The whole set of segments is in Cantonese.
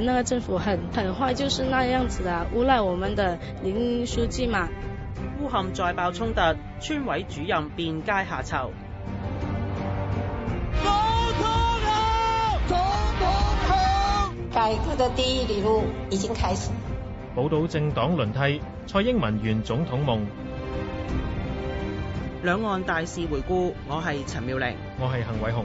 那個政府很很壞，就是那樣子啊，誣賴我們的林書記嘛。烏坎再爆衝突，村委主任變階下囚。總統，統，統，統，總統，統，改革的第一哩路已經開始。寶島政黨輪替，蔡英文圓總統夢。兩岸大事回顧，我係陳妙玲，我係幸偉雄。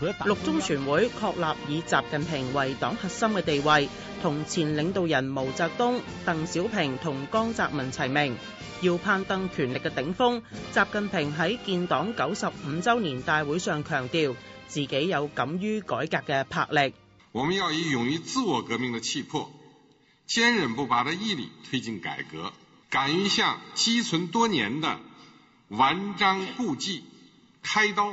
六中全會確立以習近平為黨核心嘅地位，同前領導人毛澤東、鄧小平同江澤民齊名，要攀登權力嘅頂峰，習近平喺建黨九十五週年大會上強調，自己有敢於改革嘅魄力。我們要以勇於自我革命嘅氣魄、堅忍不拔嘅毅力，推進改革，敢於向積存多年的頑瘴痼疾開刀。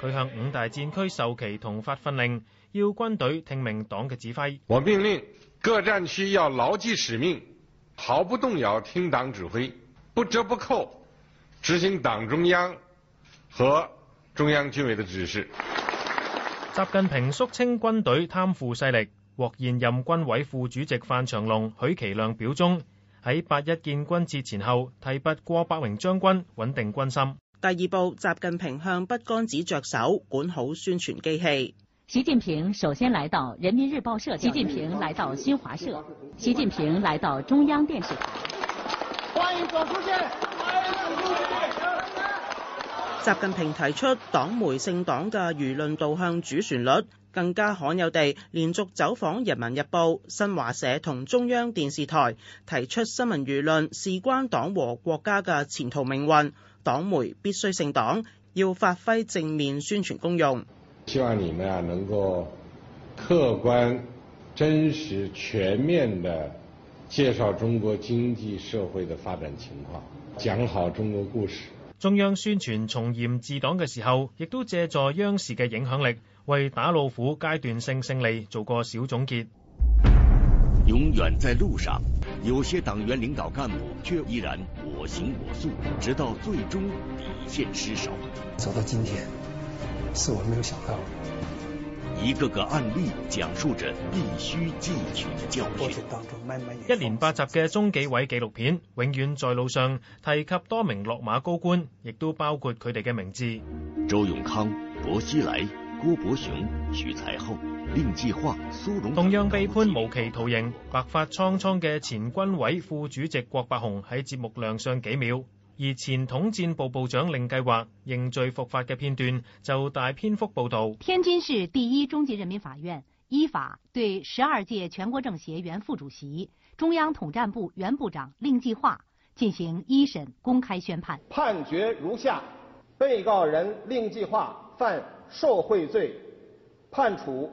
佢向五大戰區授旗同發訓令，要軍隊聽命黨嘅指揮。我命令各戰區要牢記使命，毫不動搖聽黨指揮，不折不扣執行黨中央和中央軍委的指示。習近平肅清軍隊貪腐勢力，獲現任軍委副主席范長龍、許其亮表忠，喺八一建軍節前後，提拔過百名將軍，穩定軍心。第二步，習近平向筆桿子着手管好宣傳機器。習近平首先來到人民日報社，習近平來到新華社，習近平來到中央電視台。歡迎總書記，歡迎總書記。習近平提出黨媒姓黨嘅輿論導向主旋律，更加罕有地連續走訪人民日報、新華社同中央電視台，提出新聞輿論事關黨和國家嘅前途命運。黨媒必須姓黨，要發揮正面宣傳功用。希望你們啊能夠客觀、真實、全面的介紹中國經濟社會的發展情況，講好中國故事。中央宣傳從嚴治黨嘅時候，亦都借助央視嘅影響力，為打老虎階段性勝利做個小總結。永遠在路上，有些黨員領導幹部卻依然。行我素，直到最終底綫失守。走到今天，是我沒有想到。一個個案例講述着必須汲取的教訓。一連八集嘅中紀委紀錄片《永遠在路上》，提及多名落馬高官，亦都包括佢哋嘅名字：周永康、薄熙來、郭伯雄、徐才厚。令計劃蘇榮同樣被判無期徒刑，白髮蒼蒼嘅前軍委副主席郭伯雄喺節目亮相幾秒，而前統戰部部長令計劃認罪伏法嘅片段就大篇幅報道。天津市第一中級人民法院依法對十二屆全國政協原副主席、中央統戰部原部長令計劃進行一審公開宣判。判決如下：被告人令計劃犯受賄罪，判處。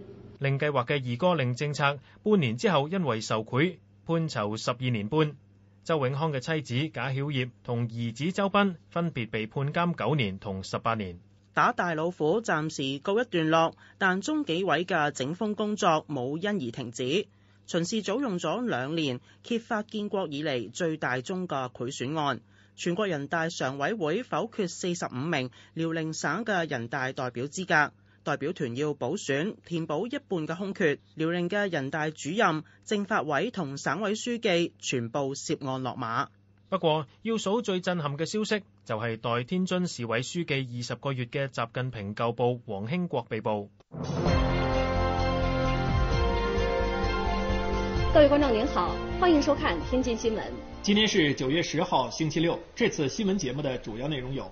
另計劃嘅二哥令政策半年之後因為受賄判囚十二年半，周永康嘅妻子賈曉葉同兒子周斌分別被判監九年同十八年。打大老虎暫時告一段落，但中紀委嘅整風工作冇因而停止。巡視組用咗兩年揭發建國以嚟最大宗嘅賄選案，全國人大常委會否決四十五名遼寧省嘅人大代表資格。代表團要補選，填補一半嘅空缺，遼寧嘅人大主任、政法委同省委書記全部涉案落馬。不過，要數最震撼嘅消息，就係、是、代天津市委書記二十個月嘅習近平舊部黃興國被捕。各位觀眾您好，歡迎收看天津新聞。今天是九月十號星期六，這次新聞節目的主要內容有。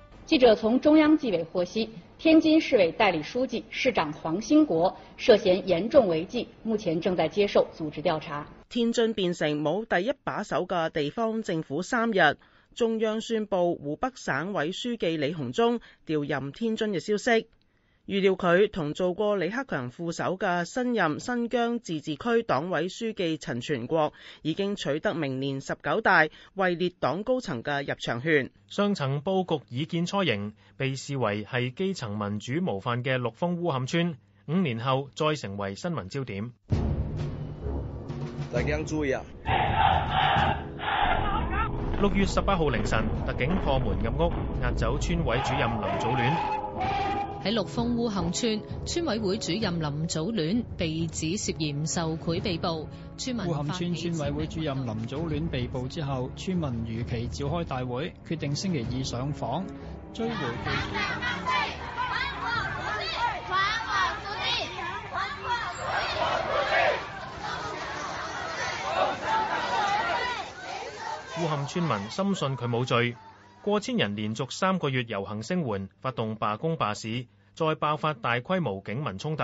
記者從中央紀委獲悉，天津市委代理書記、市長黃興國涉嫌嚴重違紀，目前正在接受組織調查。天津變成冇第一把手嘅地方政府三日，中央宣布湖北省委書記李鴻忠調任天津嘅消息。預料佢同做過李克強副手嘅新任新疆自治區黨委書記陳全國，已經取得明年十九大位列黨高層嘅入場券。雙層佈局已見雛形，被視為係基層民主模範嘅陸豐烏坎村，五年後再成為新聞焦點。大家注意啊！六月十八號凌晨，特警破門入屋，押走村委主任林祖戀。喺陸豐烏坎村，村委會主任林祖戀被指涉嫌受賄被捕，村民發現。烏坎村村委會主任林祖戀被捕之後，村民如期召開大會，決定星期二上訪追回巨款。烏坎村民深信佢冇罪。過千人連續三個月遊行聲援，發動罷工罷市，再爆發大規模警民衝突。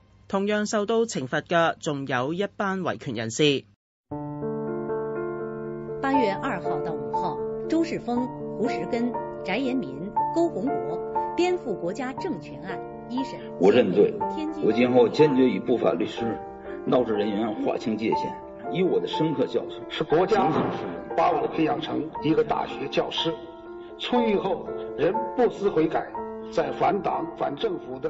同樣受到懲罰的，仲有一班維權人士。八月二號到五號，周世鋒、胡石根、翟延民、勾洪國顛覆國家政權案一審。我認罪，我今後堅決與不法律師、鬧事人員劃清界限。以我的深刻教訓，是國家、啊、把我培養成一個大學教師，出獄後仍不思悔改，在反黨反政府的。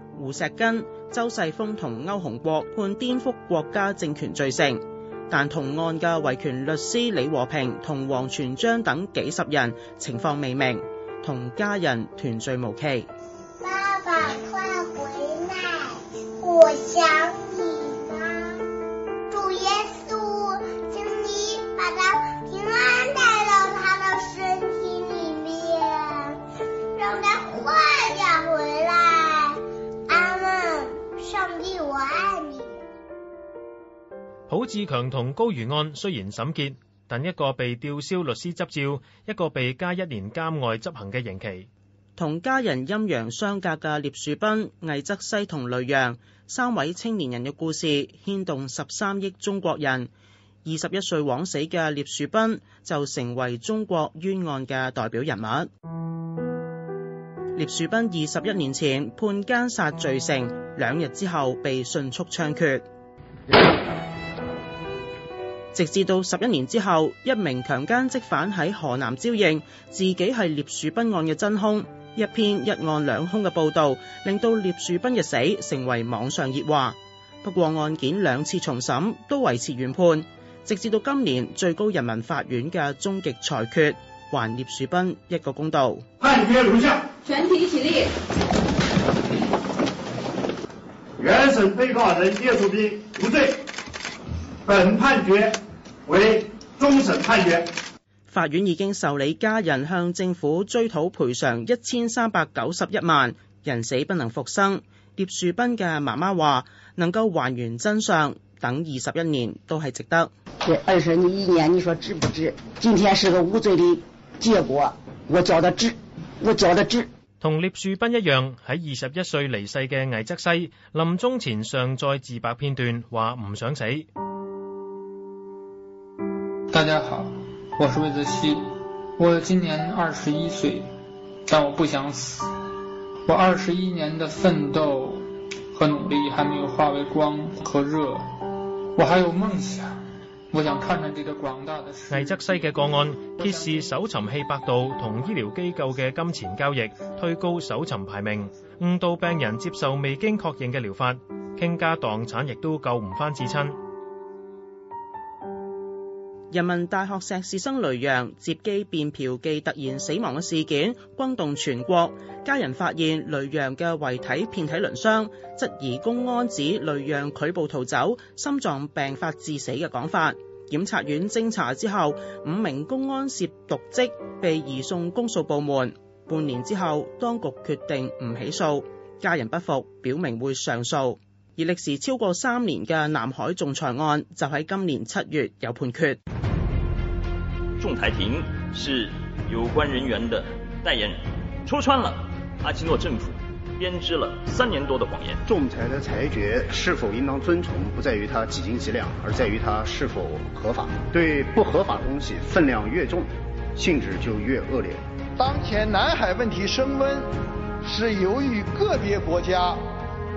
胡石根、周世峰同歐洪國判顛覆國家政權罪成，但同案嘅維權律師李和平同王全章等幾十人情況未明，同家人團聚無期。爸爸快回來，我想。高志強同高瑜案雖然審結，但一個被吊銷律師執照，一個被加一年監外執行嘅刑期。同家人陰陽相隔嘅聶樹斌、魏則西同雷洋三位青年人嘅故事牽動十三億中國人。二十一歲枉死嘅聶樹斌就成為中國冤案嘅代表人物。聶樹斌二十一年前判奸殺罪成，兩日之後被迅速槍決。嗯直至到十一年之後，一名強姦職犯喺河南招認自己係聶樹斌案嘅真兇。一篇一案兩兇嘅報導，令到聶樹斌嘅死成為網上熱話。不過案件兩次重審都維持原判，直至到今年最高人民法院嘅終極裁決，還聶樹斌一個公道。判決如下，全體起立。原審被告人聶樹斌無罪。本判決為終審判決，法院已經受理家人向政府追討賠償一千三百九十一萬。人死不能復生，聶樹斌嘅媽媽話能夠還原真相，等二十一年都係值得。對，二十一年，你說值不值？今天是個無罪的結果，我覺得值，我覺得值。同聶樹斌一樣，喺二十一歲離世嘅魏則西，臨終前尚在自白片段話唔想死。大家好，我是魏則西。我今年二十一歲，但我不想死。我二十一年的奮鬥和努力還沒有化為光和熱，我還有夢想，我想看看這個廣大的世界。魏則西嘅個案揭示搜尋器百度同醫療機構嘅金錢交易，推高搜尋排名，誤導病人接受未經確認嘅療法，傾家蕩產亦都救唔返至親。人民大學碩士生雷洋接機便嫖妓，突然死亡嘅事件，轟動全國。家人發現雷洋嘅遺體遍體鱗傷，質疑公安指雷洋拒捕逃走、心臟病發致死嘅講法。檢察院偵查之後，五名公安涉瀆職被移送公訴部門。半年之後，當局決定唔起訴，家人不服，表明會上訴。而歷時超過三年嘅南海仲裁案，就喺今年七月有判決。仲裁庭是有關人員的代言人，戳穿了阿基諾政府編織了三年多的謊言。仲裁的裁決是否應當遵從，不在於它幾斤幾兩，而在於它是否合法。對不合法的東西，分量越重，性質就越惡劣。當前南海問題升溫，是由於個別國家。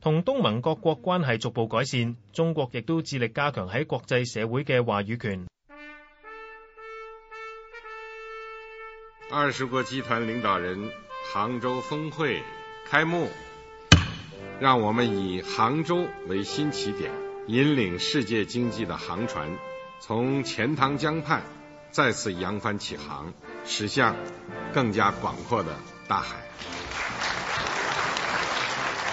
同東盟各國關係逐步改善，中國亦都致力加強喺國際社會嘅話語權。二十國集團領導人杭州峰會開幕，讓我們以杭州為新起點，引領世界經濟的航船從錢塘江畔再次揚帆起航，駛向更加廣闊的大海。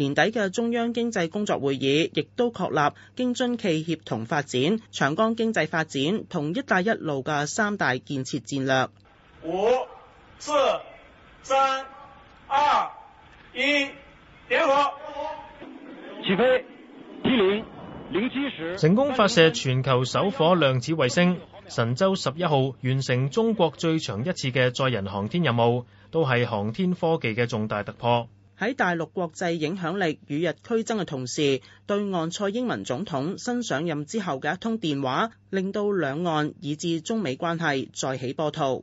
年底嘅中央經濟工作會議亦都確立京津冀協同發展、長江經濟發展同一帶一路嘅三大建設戰略。五、四、三、二、一，點火！起飛！零零七時，成功發射全球首顆量子衛星。神舟十一號完成中國最長一次嘅載人航天任務，都係航天科技嘅重大突破。喺大陸國際影響力與日俱增嘅同時，對岸蔡英文總統新上任之後嘅一通電話，令到兩岸以至中美關係再起波濤。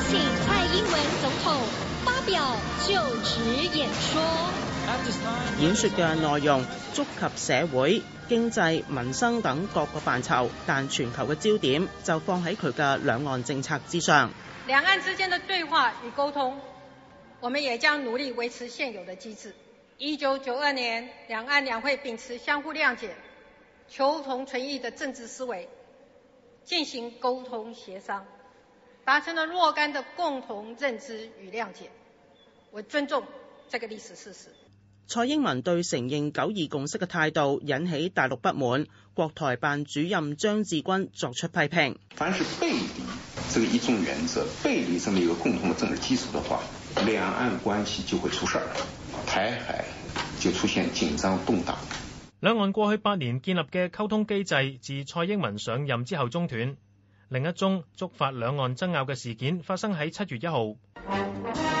表就職演說，演說嘅內容觸及社會、經濟、民生等各個範疇，但全球嘅焦點就放喺佢嘅兩岸政策之上。兩岸之間的對話與溝通，我們也將努力維持現有的機制。一九九二年，兩岸兩會秉持相互諒解、求同存異的政治思維，進行溝通協商，達成了若干的共同認知與諒解。我尊重這個歷史事實。蔡英文對承認九二共識嘅態度引起大陸不滿，國台辦主任張志軍作出批評。凡是背離這個一中原則、背離這麼一個共同的政治基礎的話，兩岸關係就會出事，台海就出現緊張動蕩。兩岸過去八年建立嘅溝通機制，自蔡英文上任之後中斷。另一宗觸發兩岸爭拗嘅事件發生喺七月一號。嗯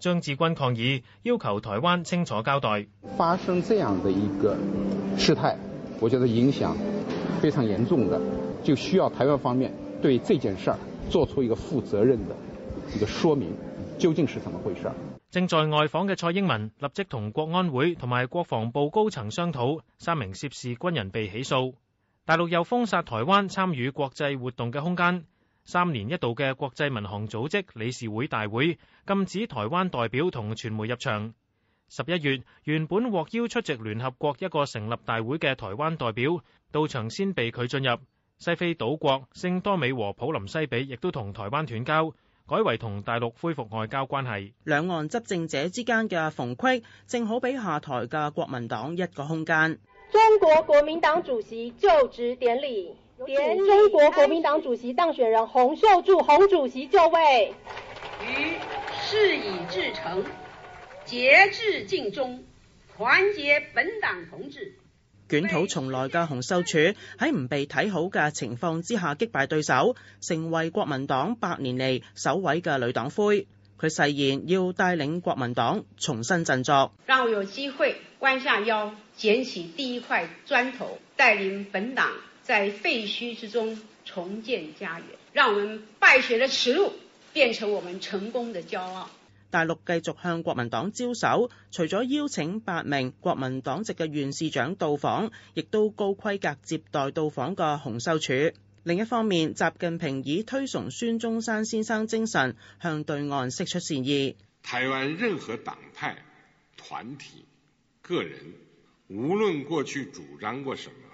張志軍抗議，要求台灣清楚交代。發生這樣的一個事態，我覺得影響非常嚴重的，就需要台灣方面對這件事做出一個負責任的一個說明，究竟是怎麼回事。正在外訪嘅蔡英文立即同國安會同埋國防部高層商討，三名涉事軍人被起訴。大陸又封殺台灣參與國際活動嘅空間。三年一度嘅國際民航組織理事會大會禁止台灣代表同傳媒入場。十一月原本獲邀出席聯合國一個成立大會嘅台灣代表到場先被拒進入。西非島國聖多美和普林西比亦都同台灣斷交，改為同大陸恢復外交關係。兩岸執政者之間嘅逢隙，正好俾下台嘅國民黨一個空間。中國國民黨主席就職典禮。連中國國民黨主席當選人洪秀柱，洪主席就位。余事已至成，竭智盡忠，團結本黨同志。捲土重來嘅洪秀柱喺唔被睇好嘅情況之下擊敗對手，成為國民黨百年嚟首位嘅女黨魁。佢誓言要帶領國民黨重新振作。讓我有機會彎下腰，撿起第一塊磚頭，帶領本黨。在廢墟之中重建家園，讓我們敗血的恥辱變成我們成功的驕傲。大陸繼續向國民黨招手，除咗邀請八名國民黨籍嘅縣市長到訪，亦都高規格接待到訪嘅洪秀柱。另一方面，習近平以推崇孫中山先生精神，向對岸釋出善意。台灣任何黨派、團體、個人，無論過去主張過什麼。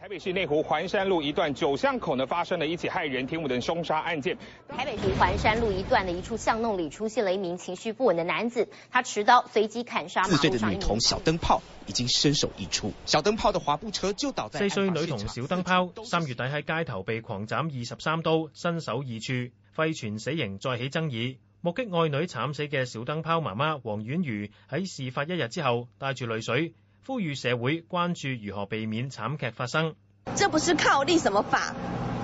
台北市內湖環山路一段九巷口呢，發生了一起駭人聽聞的凶殺案件。台北市環山路一段的一處巷弄裏，出現了一名情緒不穩的男子，他持刀隨機砍殺。四歲的女童小燈泡已經身首異處。小燈泡的滑步車就倒在。四歲女童小燈泡，三月底喺街頭被狂斬二十三刀，身首異處，廢傳死刑再起爭議。目擊愛女慘死嘅小燈泡媽媽黃婉瑜喺事發一日之後，帶住淚水。呼籲社會關注如何避免慘劇發生。這不是靠立什麼法，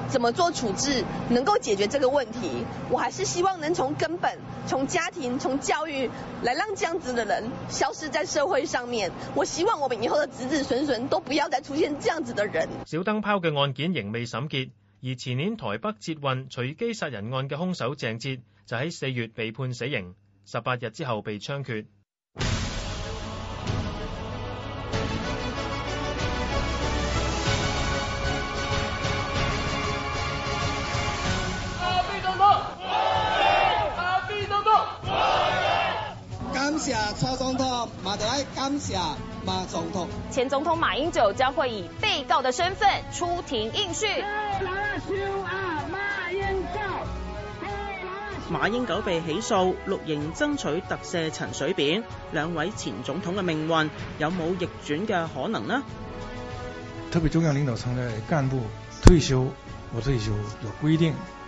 怎麼做處置能夠解決這個問題？我還是希望能從根本、從家庭、從教育來讓這樣子的人消失在社會上面。我希望我們以後的子子孫孫都不要再出現這樣子的人。小燈泡嘅案件仍未審結，而前年台北捷運隨機殺人案嘅兇手鄭捷就喺四月被判死刑，十八日之後被槍決。感謝馬總統。前總統馬英九將會以被告的身份出庭應訊。馬英九被起訴，綠營爭取特赦陳水扁，兩位前總統嘅命運有冇逆轉嘅可能呢？特別中央領導層嘅幹部退休唔退休有規定。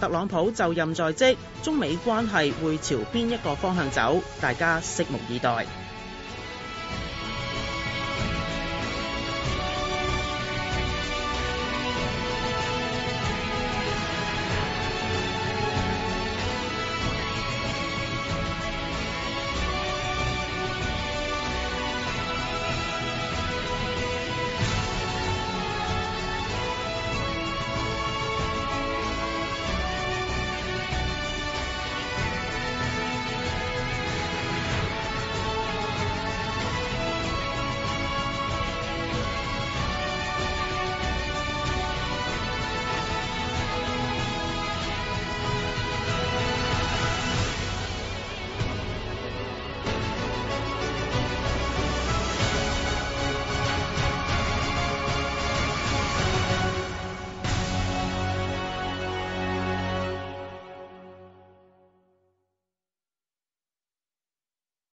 特朗普就任在即，中美關係會朝邊一個方向走？大家拭目以待。